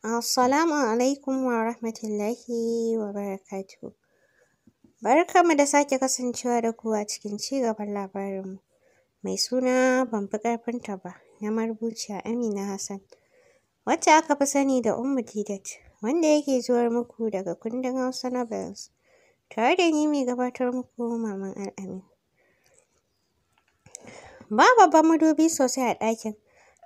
Assalamu alaikum wa rahmatullahi wa barakatuhu. Barkanmu da sake kasancewa da ku a cikin ci gaban labarinmu. Mai suna ban fi ƙarfinta ba na marubuciya Amina Hassan. Wacce aka fi sani da Ummu Didat, wanda yake zuwar muku daga kundin Hausa na Novels. Tare da ni mai gabatar muku Maman Al'amin. Ba babban madubi sosai a ɗakin.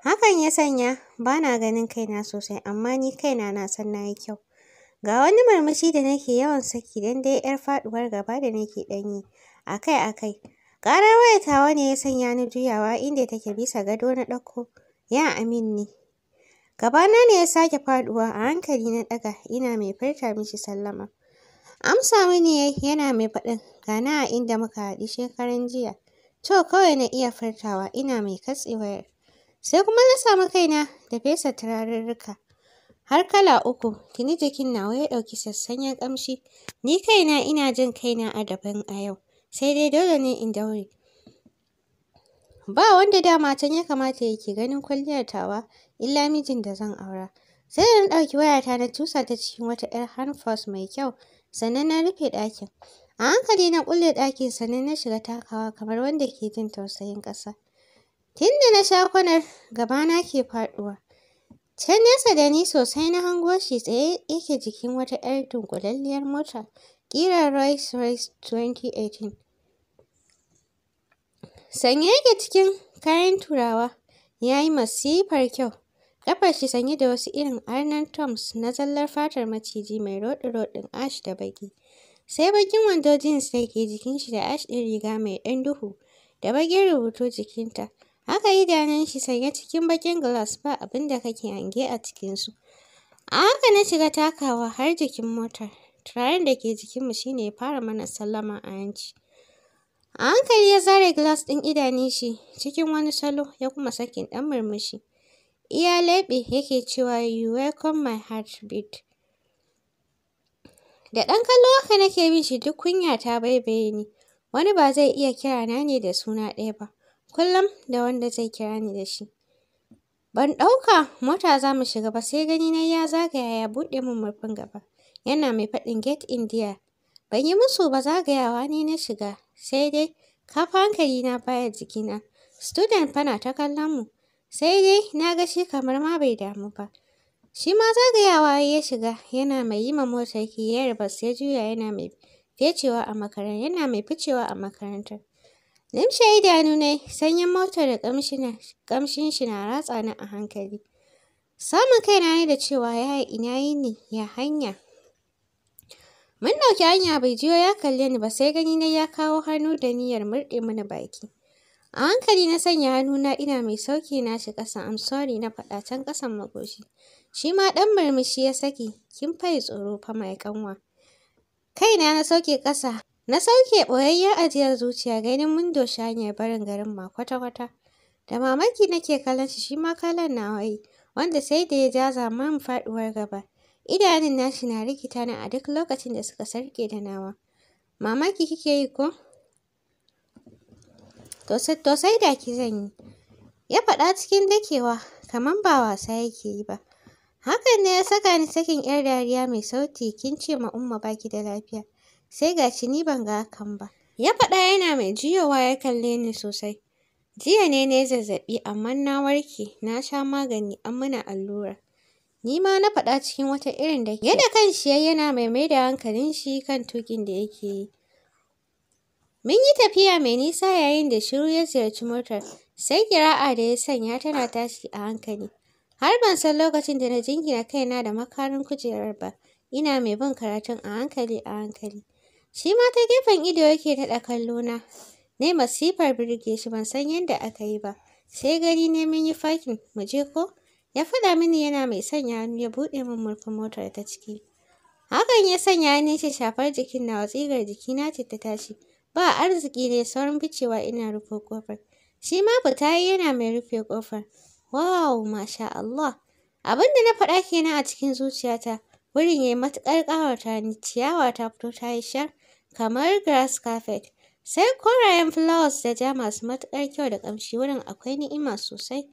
Hakan ya sanya ba na ganin kaina sosai amma ni kaina na san na yi kyau. Ga wani murmushi da nake yawan saki don dai 'yar faɗuwar gaba da nake ɗan yi akai-akai. Ƙarar wayatawa tawa ne ya sanya ni juyawa inda take bisa gado na ɗauko. Ya amin ne. Gabana ne ya sake faɗuwa a hankali na ɗaga ina mai farta mishi sallama. Amsa mini yana mai faɗin gana a inda muka haɗu shekaran jiya. To kawai na iya fartawa, ina mai katsewa Sai kuma na samu kaina da fesa turarurruka. Har kala uku, tuni jikin nawa ya ɗauki sassanyen kamshi. Ni kaina ina jin kaina a daban a yau, sai dai dole ne in daure. Ba wanda dama can ya kamata yake ganin kwalliyar tawa, illa mijin da zan aura. Sai da na ɗauki wayata na tusa ta cikin wata 'yar Hanfors mai kyau, sannan na rufe ɗakin. A hankali na kulle ɗakin sannan na shiga takawa kamar wanda ke jin tausayin ƙasa. Tun da na sha kwanar gabana ke faɗuwa. Can nesa da ni sosai na hango shi tsaye yake jikin wata 'yar dunkulalliyar mota ƙira Rice Rice 2018. Sanye yake cikin kayan Turawa, ya yi masifar kyau. Ƙafar shi sanye da wasu irin Arnold Toms na zallar fatar maciji mai roɗi-roɗin ash da baki, Sai bakin wando jeans da ke jikin shi da ash ɗin riga mai ɗan duhu da baƙin rubutu jikinta. Haka idanun shi sanye cikin bakin glass ba abin da kake hange a cikinsu. A haka na shiga takawa har jikin motar. Turaren da ke jikinmu shi ne ya fara mana sallama a hanci. A hankali ya zare glass ɗin idanun shi cikin wani salo ya kuma sakin ɗan murmushi. Iya leɓe yake cewa you welcome my heartbeat. Da ɗan kallo haka nake bin shi duk kunya ta baibaye ni. Wani ba zai iya kira na ne da suna ɗaya ba. kullum da wanda zai kira ni da shi. Ban ɗauka mota za mu shiga ba sai gani na ya zagaya ya buɗe min murfin gaba. Yana mai faɗin Gate India. Ban yi musu ba zagayawa ne na shiga, sai dai kafa hankali na baya jikina. Student fana ta kallon mu, sai dai na ga shi kamar ma bai damu ba. Shi ma zagayawa ya shiga, yana mai yi ma motar ya bas ya juya yana mai fecewa a makaranta. yana mai ficewa a makarantar. Limshe idanu na sanyin motar da ƙamshin shi na ratsa ni a hankali. Samun kaina ne da cewa ya ina yi ne ya hanya. Mun ɗauki hanya bai jiyo ya kalle ni ba sai gani na ya kawo hannu da niyyar murɗe mana baki. A hankali na sanya hannu na ina mai sauki na shi ƙasa I'm sorry na faɗa can ƙasan makoshi. Shi ma ɗan murmushi ya saki kin faye tsoro fa mai ƙanwa. Kaina na sauke ƙasa Na sauke ɓoyayyen ajiyar zuciya ganin mun doshi hanyar barin garin ma kwata-kwata. Da mamaki nake kallon shi shi ma kallon nawa yi, wanda sai da ya jaza min faɗuwar gaba. Idanun nashi na rikita ni a duk lokacin da suka sarƙe da nawa. Mamaki kike yi ko? To sai da ki zan yi. Ya faɗa cikin dakewa, kamar ba wasa yake yi ba. Hakan ne ya saka ni sakin 'yar dariya mai sauti, kin ce ma Umma ba ki da lafiya. sai ga shi ni ban ga hakan ba. Ya faɗa yana mai jiyowa ya kalle ni sosai. Jiya ne na yi zazzaɓi amma na warke, na sha magani an mana allura. Ni ma na faɗa cikin wata irin da ke. Yadda kan shi yana mai mai da hankalin shi kan tukin da yake yi. Mun yi tafiya mai nisa yayin da shiru ya ziyarci motar, sai kira'a da ya sanya tana tashi a hankali. Har ban san lokacin da na jingina kaina da makarin kujerar ba, ina mai bin karatun a hankali a hankali. Shi ma ta gefen ido yake taɗa kallo Na Ne masifar birge shi ban san yadda aka yi ba. Sai gani ne mun yi fakin mu je ko? Ya faɗa mini yana mai sanya hannu ya buɗe min murfin motar ta ciki. Hakan ya sanya ni ce shafar jikin na nawa tsigar jiki na ce ta tashi. Ba arziki ne saurin ficewa ina rufe kofar Shi ma fita yana mai rufe kofar Wow, masha Allah. Abin da na faɗa kenan a cikin zuciyata. Wurin ya yi matuƙar ƙawata ni, ciyawa ta fito ta yi shar. kamar grass carpet. Sai korayen flowers da ja masu matuƙar kyau da ƙamshi wurin akwai ni'ima sosai.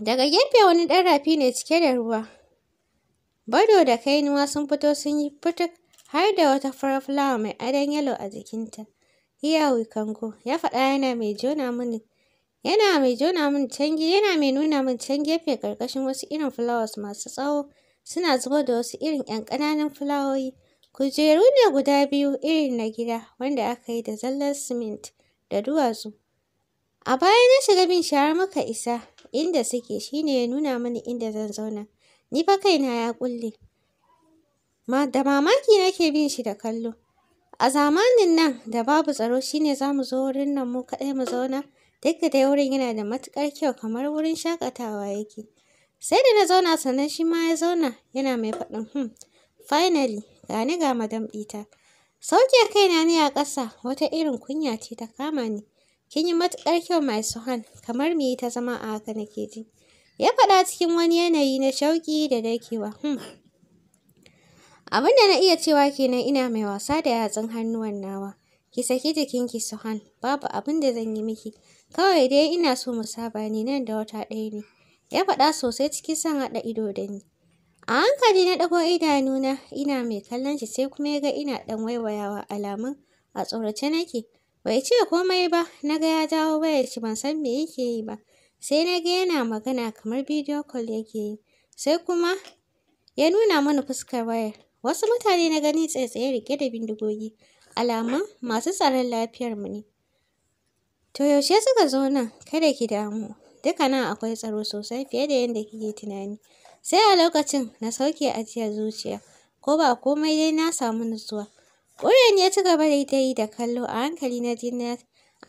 Daga gefe wani ɗan rafi ne cike da ruwa. Bado da kainuwa sun fito sun yi fituk har da wata farar fulawa mai adon yalo a jikinta. Here we ya faɗa yana mai jona mini. Yana mai jona min cangi, yana mai nuna min can gefe ƙarƙashin wasu irin flowers masu tsawo, suna zubar da wasu irin 'yan ƙananan fulawoyi. Kujeru ne guda biyu irin na gida wanda aka yi da zallar siminti da duwatsu. A baya na shiga bin shara maka muka isa inda suke shi ne ya nuna mani inda zan zauna. Ni fa kaina ya Ma Da mamaki nake bin shi da kallo. A zamanin nan da babu tsaro shi ne za mu zo wurin nan mu kaɗai mu zauna. Duk da dai wurin yana da matuƙar kyau kamar wurin shakatawa yake. Sai da na zauna sannan shi ma ya zauna yana mai faɗin hmm finally ni ga madam ɗita. Sauke kaina ne a ƙasa wata irin kunya ce ta kama ni. Kin yi matuƙar kyau mai suhan kamar me ta zama a haka nake ji. Ya faɗa cikin wani yanayi na shauƙi da dakewa. Hmm. Abin da na iya cewa kenan ina mai wasa da yatsun hannuwan nawa. Ki saki jikinki Suhan, babu abin da zan yi miki. Kawai dai ina so mu saba ni nan da wata ɗaya ne. Ya faɗa sosai cikin son haɗa ido da ni. A hankali na ɗago idanuna ina mai kallon shi sai kuma ya ga ina ɗan waiwayawa alamun a tsorace nake. Bai ce komai ba, na ga ya jawo wayar shi ban san me yake yi ba. Sai na ga yana magana kamar bidiyo call yake yi. Sai kuma ya nuna mana fuskar wayar. Wasu mutane na gani tsaitsaye rike da bindigogi, alamun masu tsaron mu ne. To yaushe suka zo nan? Kada ki damu, duka nan akwai tsaro sosai fiye da yadda kike tunani. Sai a lokacin na sauke ajiyar zuciya, ko ba komai dai na samu nutsuwa. Ƙuryan ya ci gaba da yi da kallo a hankali na ji a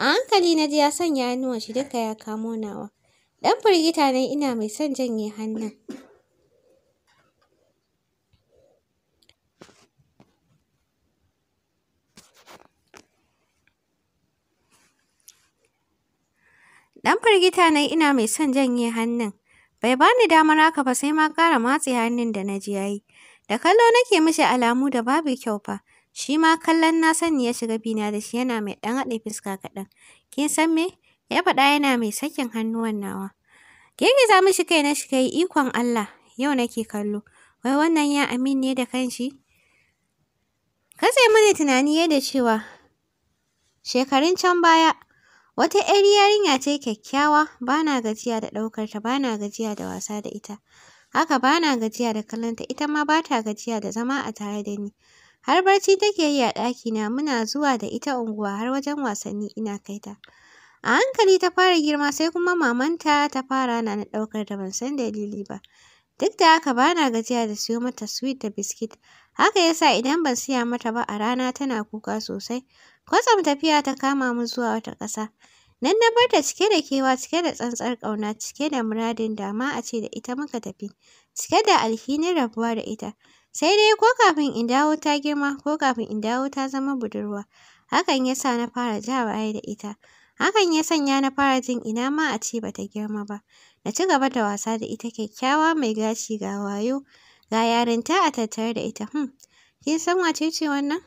hankali na ji ya sanya hannuwan shi duka ya kamo nawa. Ɗan firgita ne ina mai son janye hannun. Dan firgita ne ina mai son janye hannun. Bai bani damar haka ba sai ma ƙara matse hannun da na ji ya yi. Da kallo nake mishi alamu da babu kyau fa. Shi ma kallon na sani ya shiga bina da shi yana mai ɗan haɗe fuska kaɗan. Kin san me? Ya faɗa yana mai sakin hannuwan nawa. Girgiza mishi kai na shiga yi ikon Allah. Yau nake kallo. Wai wannan ya amin ne da kanshi? Katse mini tunani da cewa shekarun can baya Wata 'yar yarinya ce kyakkyawa, ba na gajiya da ɗaukar ta, ba na gajiya da wasa da ita. Haka ba na gajiya da kallon ta, ita ma ba ta gajiya da zama a tare da ni. Har barci take yi a ɗakina, muna zuwa da ita unguwa har wajen wasanni ina kai ta. A hankali ta fara girma sai kuma mamanta ta fara na ɗaukar ta ban san dalili ba. Duk da haka ba na gajiya da siyo mata sweet da biskit. Haka ya sa idan ban siya mata ba a rana tana kuka sosai. Kwatsam tafiya ta kama mu zuwa wata ƙasa. Nan na bar ta cike da kewa, cike da tsantsar ƙauna, cike da muradin da ma a ce da ita muka tafi, cike da alhinin rabuwa da ita. Sai dai ko kafin in dawo ta girma, ko kafin in dawo ta zama budurwa. Hakan ya sa na fara ja baya da ita. Hakan ya sanya na fara jin ina ma a ce ba ta girma ba. Na ci gaba da wasa da ita kyakkyawa mai gashi ga wayo, ga yarinta a tattare da ita. Hmm, kin san wace ce wannan?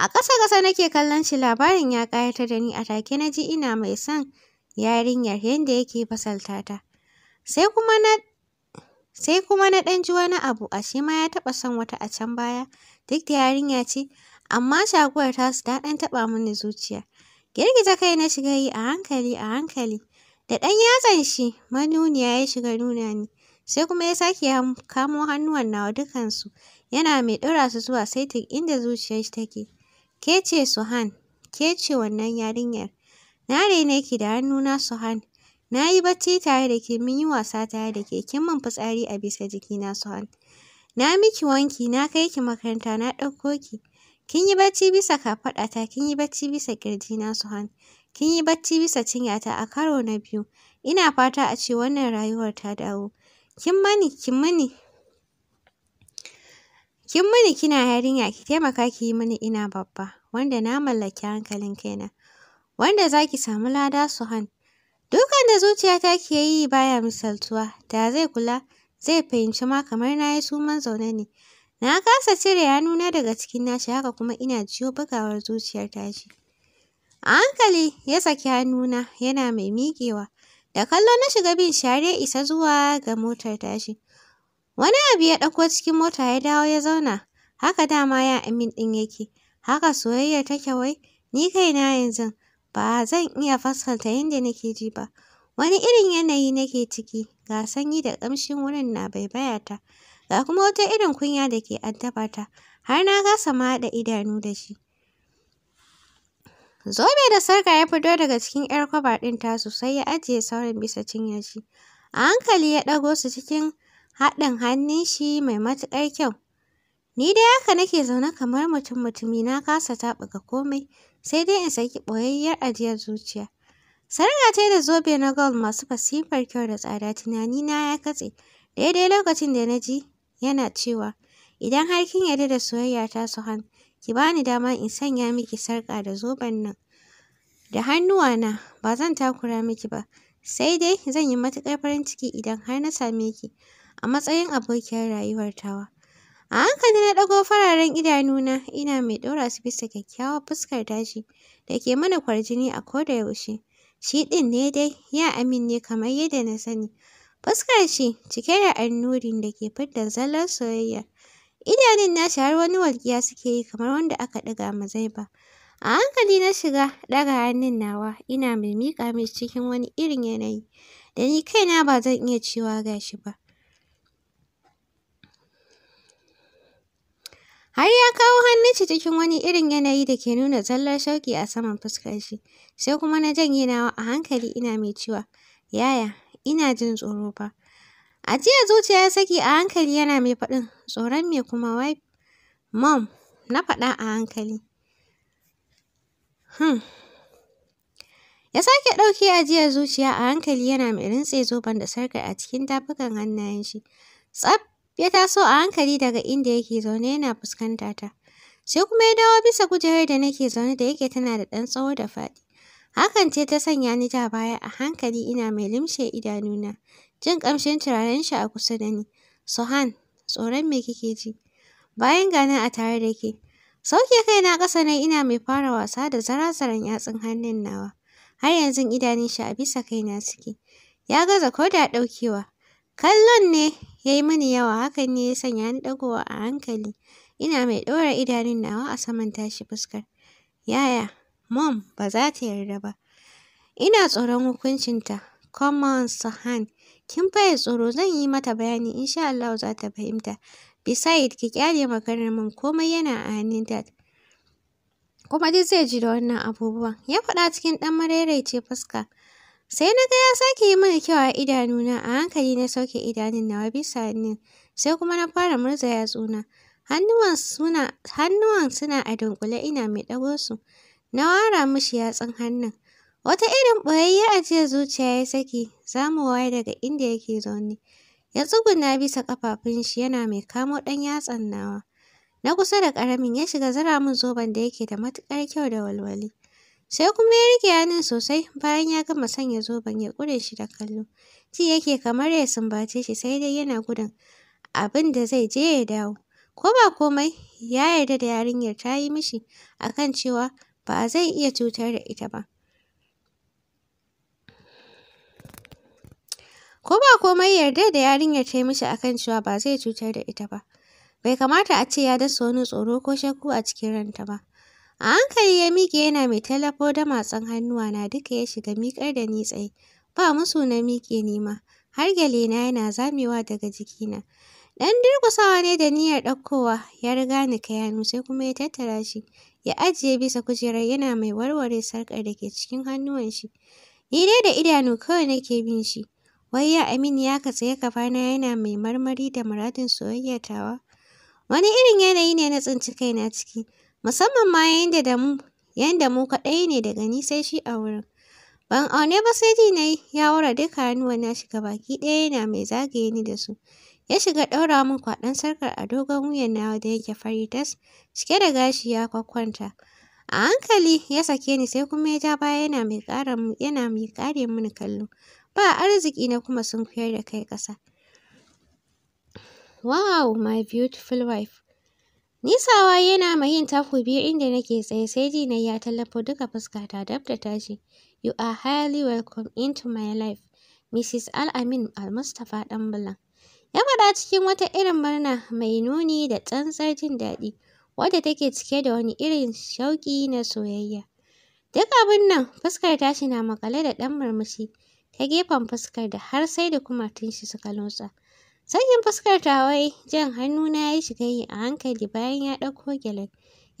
A ƙasa-ƙasa nake kallon shi labarin ya ƙayatar da ni a take na ji ina mai son yarinyar yadda yake fasalta ta. Sai kuma na sai na ɗan ji wani abu ashe ma ya taɓa son wata a can baya duk da yarinya ce amma shaguwar ta su daɗin taɓa mini zuciya girgiza kai na shiga yi a hankali a hankali da ɗan yatsan shi manuniya ya shiga nuna ni sai kuma ya sake kamo hannuwan nawa dukansu yana mai ɗora su zuwa saitin inda zuciyar shi take Ke ce Suhan, ke ce wannan yarinyar. Na rene ki da hannuna Suhan. Na yi bacci tare da ke mun yi wasa tare da ke kin fitsari a bisa jikina Suhan. Na miki wanki na kai ki makaranta na ɗauko ki. Kin yi bacci bisa kafaɗata kin yi bacci bisa ƙirjina Suhan. Kin yi bacci bisa cinyata a karo na biyu. Ina fata a ce wannan rayuwar ta dawo. Kin mani kin mani Kin mini kina yarinya ki taimaka ki yi mini ina babba wanda na mallaki hankalin kaina. Wanda za ki samu lada Suhan. Dukan da zuciyata ke yi baya misaltuwa, da zai kula, zai fahimci ma kamar na yi suman zaune ne. Na kasa cire hannuna daga cikin nashi haka kuma ina jiyo bugawar zuciyar tashi. A hankali ya saki hannuna yana mai miƙewa. Da kallo na shiga bin share isa zuwa ga motar tashi. Wani abu ya ɗauko cikin mota ya dawo ya zauna. Haka dama ya amin ɗin yake. Haka soyayya take wai. Ni kai na yanzu ba zan iya fasalta yadda nake ji ba. Wani irin yanayi nake ciki. Ga sanyi da ƙamshin wurin na baibaya ta. Ga kuma wata irin kunya da ke addaba ta. Har na kasa ma haɗa idanu da shi. Zobe da sarka ya fito daga cikin 'yar kwaba ɗin tasu sai ya ajiye sauran bisa cinyar shi. A hankali ya ɗago su cikin haɗin hannun shi mai matuƙar kyau. Ni dai haka nake zaune kamar mutum-mutumi na kasa taɓuka komai, sai dai in saki ɓoyayyar ajiyar zuciya. Sarƙa ta da zobe na gold masu fasifar kyau da tsada tunani na ya katse, daidai lokacin da na ji yana cewa, idan har kin yarda da soyayya ta Suhan, ki bani dama in sanya miki sarƙa da zoben nan. Da hannuwana ba zan takura miki ba, sai dai zan yi matuƙar farin ciki idan har na same ki. a matsayin abokiyar rayuwar tawa. A hankali na ɗago fararen idanuna ina mai ɗora su bisa kyakkyawar fuskar tashi, da ke mana kwarjini a koda yaushe. Shi ɗin ne dai ya amin ne kamar yadda na sani. Fuskar shi cike da annurin da ke fidda zallar soyayya. Idanun nashi har wani walƙiya suke yi kamar wanda aka ɗaga ma ba. A hankali na shiga ɗaga hannun nawa ina mai miƙa mai cikin wani irin yanayi da ni kaina ba zan iya cewa gashi ba. har ya kawo hannunci cikin wani irin yanayi da ke nuna zallar shauƙi a saman fuskar shi. Sai kuma na janye nawa a hankali ina mai cewa, yaya, ina jin tsoro fa. A jiya zuciya ya saki a hankali yana mai faɗin, tsoron me kuma wai? Mom, na faɗa a hankali. Hmm. Ya sake ɗauke ajiyar zuciya a hankali yana mai rintse zoben da sarkar a cikin tafukan hannayen shi. Tsaf Ya taso a hankali daga inda yake zaune yana fuskanta ta. Sai kuma ya dawo bisa kujerar da nake zaune da yake tana da ɗan tsawo da faɗi. Hakan ce ta sanya ni da baya a hankali ina mai limshe idanuna. Jin ƙamshin turaren shi a kusa da ni. Sohan, tsoron me kike ji? Bayan gana a tare da ke. Sauke kaina ƙasa na ina mai fara wasa da zarazaran yatsun hannun nawa. Har yanzu idanun shi a bisa kaina suke. Ya gaza ko da ɗaukewa. Kallon ne ya yi mini yawa, hakan ne ya sanya ni ɗagowa a hankali, ina mai ɗora idanun nawa a saman tashi fuskar. Yaya, Mom ba za ta yarda ba. Ina tsoron hukuncinta. common Sahan. Kin faye tsoro zan yi mata bayani insha Allah za ta fahimta. Beside, ki kyale maganar mom komai yana a hannun dad. Kuma duk zai ji da wannan abubuwan. Ya faɗa cikin ɗan ce, fuska. Sai na ga ya sake yi mana kyau a idanuna, a hankali na sauke idanun nawa bisa nin, sai kuma na fara murza yatsuna. Hannuwan suna, hannuwan suna a dunkule ina mai ɗago su. Na wara mishi yatsun hannun. Wata irin ɓoyayya jiya zuciya ya saki, waye daga inda yake zaune. Ya tsuguna bisa ƙafafun shi yana mai kamo ɗan yatsan nawa. Na kusa da ƙaramin ya shiga zira min zoben da yake da matuƙar kyau da walwali. Sai kuma ya rike hannun sosai bayan ya gama sanya zoben ya ƙure shi da kallo. Ji yake kamar ya sumbace shi sai dai yana gudun abin da zai je ya dawo. Ko ba komai ya yarda da yarinyar ta yi mishi akan cewa ba zai iya cutar da ita ba. Ko ba komai yarda da yarinyar ta yi mishi akan cewa ba zai cutar da ita ba. Bai kamata a ce ya dasa wani tsoro ko shakku a cikin ranta ba. A hankali ya miƙe yana mai tallafo da matsan hannuwa na duka ya shiga miƙar da ni tsaye. Ba musu na miƙe ni ma, har na yana zamewa daga jikina. Ɗan durƙusawa ne da niyyar ɗaukowa, ya riga ni kai hannu sai kuma ya tattara shi, ya ajiye bisa kujerar yana mai warware sarƙar da ke cikin hannuwan shi. Ni dai da idanu kawai nake bin shi. Wai ya Aminu ya katse kafana yana mai marmari da muradin soyayyatawa? Wani irin yanayi ne na tsinci kaina ciki. musamman ma yanda da mu yanda mu kaɗai ne daga ni sai shi a wurin. Ban aune ba sai ji na yi ya wura duka hannuwan nashi baki ɗaya yana mai zagaye ni da su. Ya shiga ɗaura min kwaɗon sarkar a dogon wuyan nawa da yake fari tas, cike da gashi ya kwakwanta. A hankali ya sake ni sai kuma ya ja baya yana mai ƙara yana mai ƙare mini kallo. Ba arziki na kuma sun sunkuyar da kai ƙasa. Wow, my beautiful wife. Nisawa yana ma yin taku biyu inda nake tsaye sai ji na ya tallafo duka fuskata dab da tashi. You are highly welcome into my life, Mrs. Al-Amin Al-Mustapha Ɗanbulan. Ya faɗa cikin wata irin murna mai nuni da tsantsar jin daɗi, wadda take cike da wani irin shauƙi na soyayya. Duk abin nan, fuskar tashi na maƙale da ɗan murmushi ta gefen fuskar da har sai da kumatun shi suka lotsa. Sakin fuskar ta wai jan hannuna ya shiga yi a hankali bayan ya ɗauko gyalen.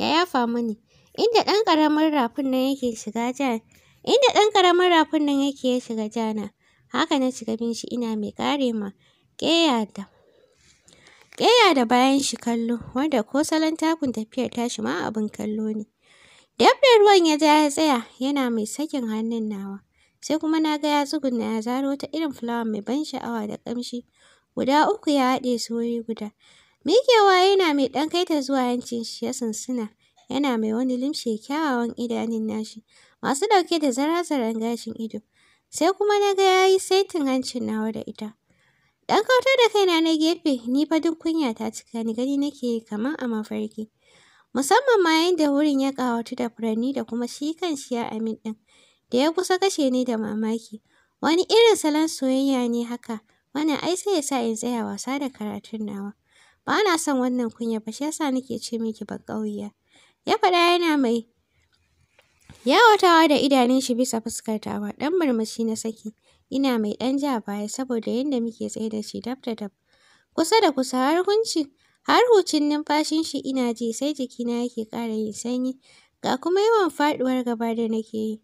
Ya yafa mini, inda ɗan ƙaramin rafin nan yake shiga ja, inda ɗan ƙaramin rafin nan yake ya shiga jana. Haka na shiga bin shi ina mai ƙare ma ƙeya da ƙeya da bayan shi kallo, wanda ko salon takun tafiyar tashi ma abin kallo ne. Dab da ruwan ya ja ya tsaya, yana mai sakin hannun nawa. Sai kuma na ga ya tsuguna ya zaro ta irin fulawa mai ban sha'awa da ƙamshi. guda uku ya haɗe su guda. Mikewa yana mai ɗan kaita zuwa yancin shi ya sunsuna, yana mai wani limshe kyawawan idanun nashi, masu ɗauke da zarazaran gashin ido. Sai kuma na ga ya yi saitin hancin nawa da ita. Ɗan kautar da kaina na gefe, ni fa duk kunya ta cika ni gani nake yi kamar a mafarki. Musamman ma da wurin ya ƙawatu da furanni da kuma shi kan shi ya amin ɗin, da ya kusa kashe ni da mamaki. Wani irin salon soyayya ne haka, Wannan ai sai ya sa in tsaya wasa da karatun nawa. Ba na son wannan kunya ba shi yasa nake ce miki ba ƙauya. Ya faɗa yana mai yawatawa da idanun shi bisa fuskar tawa ɗan murmushi na saki. Ina mai ɗan ja baya saboda yadda muke tsaye da shi dab da dab. Kusa da kusa har hunci har hucin numfashin shi ina ji sai jikina yake ƙara yin sanyi. Ga kuma yawan faɗuwar gaba da nake yi.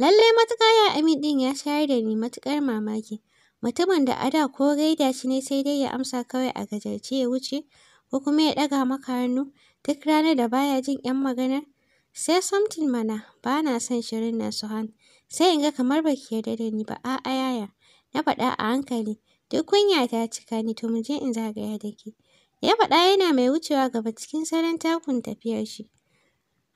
Lallai matuƙa ya Amin ɗin ya shayar da ni matuƙar mamaki. Mutumin da a da ko gaida shi ne sai dai ya amsa kawai a gajarce ya wuce ko kuma ya ɗaga maka hannu duk ranar da baya jin 'yan magana. Say something mana, ba na son shirin su han Sai in ga kamar ba ki yarda da ni ba, a'a yaya. Na faɗa a hankali, duk kunya ta cika ni to mu je in zagaya da ke. Ya faɗa yana mai wucewa gaba cikin salon takun tafiyar shi.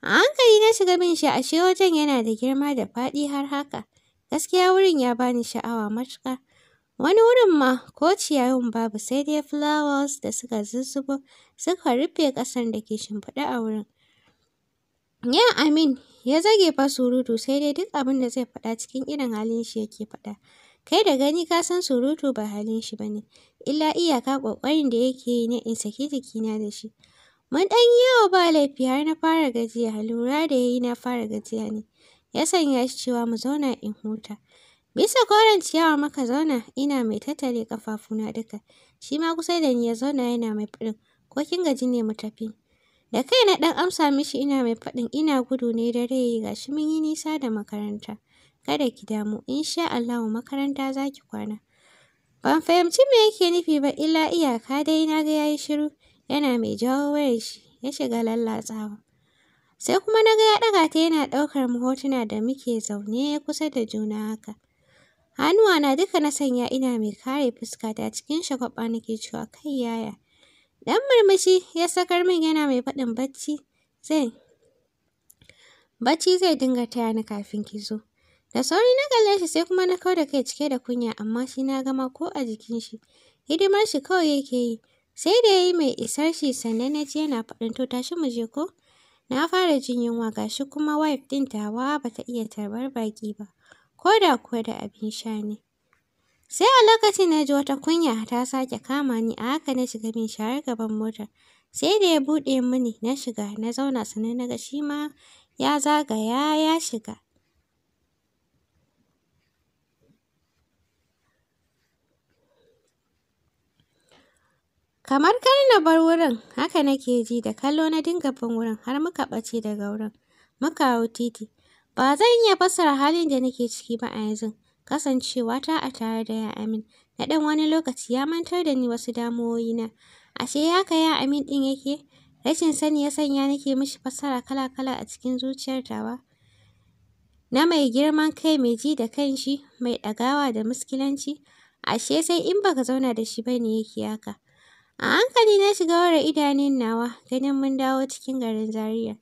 A hankali na shiga bin shi ashe wajen yana da girma da faɗi har haka. Gaskiya wurin ya bani sha'awa matuƙa. Wani wurin ma ko ciyayin babu sai dai flowers da suka zuzzubo suka rufe ƙasar da ke shimfiɗe a wurin. ya Amin ya zage fa surutu sai dai duk abin da zai faɗa cikin irin halin shi yake faɗa. Kai da gani ka san surutu ba halin shi ba ne, illa iyaka ƙoƙarin da yake yi na in saki jikina da shi. Mun ɗan yi yawa ba laifi har na fara gajiya, lura da ya yi na fara gajiya ne, ya sanya shi cewa mu zauna in huta. Bisa koren ciyawa muka zauna ina mai tattare kafafuna duka, shi ma kusa da ni ya zauna yana mai faɗin ko kin gaji ne mu tafi. Da kai na ɗan amsa mishi ina mai faɗin ina gudu ne dare yayi ga shi mun yi nisa da makaranta. Kada ki damu insha Allahu makaranta za ki kwana. Ban fahimci me yake nufi ba illa iyaka dai na ga yayi shiru yana mai jawo wayar shi ya shiga lallatsawa. Sai kuma na ga ya ɗaga ta yana ɗaukar mu hotuna da muke zaune kusa da juna haka. Hannuwana duka na sanya ina mai kare fuskata cikin shagwaɓa nake cewa kai yaya. Dan murmushi ya sakar min yana mai faɗin bacci zai bacci zai dinga taya ni kafin ki zo. Da sauri na kalle shi sai kuma na kau da kai cike da kunya amma shi na gama ko a jikin shi. Hidimar shi kawai yake yi. Sai da ya yi mai isar shi sannan na ji yana faɗin to tashi mu je ko? Na fara jin yunwa gashi kuma wife ɗin tawa bata iya tarbar baƙi ba. ko da kuwa da abin sha ne. Sai a lokacin na ji wata kunya ta sake kama ni a haka na shiga min share gaban mota, Sai da ya buɗe mini na shiga na zauna sannan na ga shi ma ya zagaya ya shiga. Kamar kar na bar wurin haka nake ji da kallo na dinga bin wurin har muka ɓace daga wurin muka hau titi. Ba zan iya fasara halin da nake ciki ba a yanzu, kasancewa ta a tare da ya Amin na ɗan wani lokaci ya mantar da ni wasu na. Ashe haka ya Amin ɗin yake? Rashin sani ya sanya nake mishi fassara kala-kala a cikin zuciyar tawa. Na mai girman kai mai ji da kanshi, mai ɗagawa da muskilanci, ashe sai in baka zauna da shi bane yake haka. A hankali na shiga wurin idanun nawa ganin mun dawo cikin garin Zaria.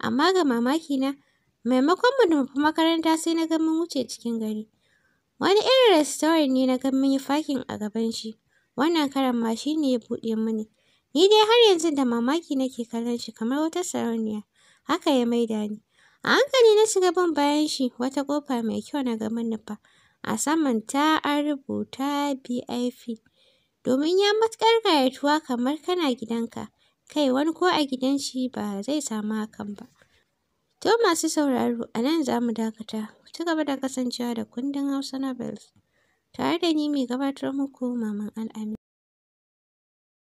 Amma ga mamaki na, Maimakon mu nufi makaranta sai na ga mun wuce cikin gari. Wani irin restaurant ne na ga mun yi fakin a gaban shi. Wannan karan ma shi ne ya buɗe mini. Ni dai har yanzu da mamaki nake kallon shi kamar wata sarauniya. Haka ya maida ni. A hankali na shiga bin bayan shi wata ƙofa mai kyau na ga mun nufa. A saman ta an rubuta BIP. Domin ya matuƙar ƙayatuwa kamar kana gidanka. Kai wani ko a gidan shi ba zai samu hakan ba. To masu sauraro, a nan za mu dakata. Ku ci gaba da kasancewa da kundin Hausa Nobels. Tare da ni mai gabatar muku Maman Al'amin.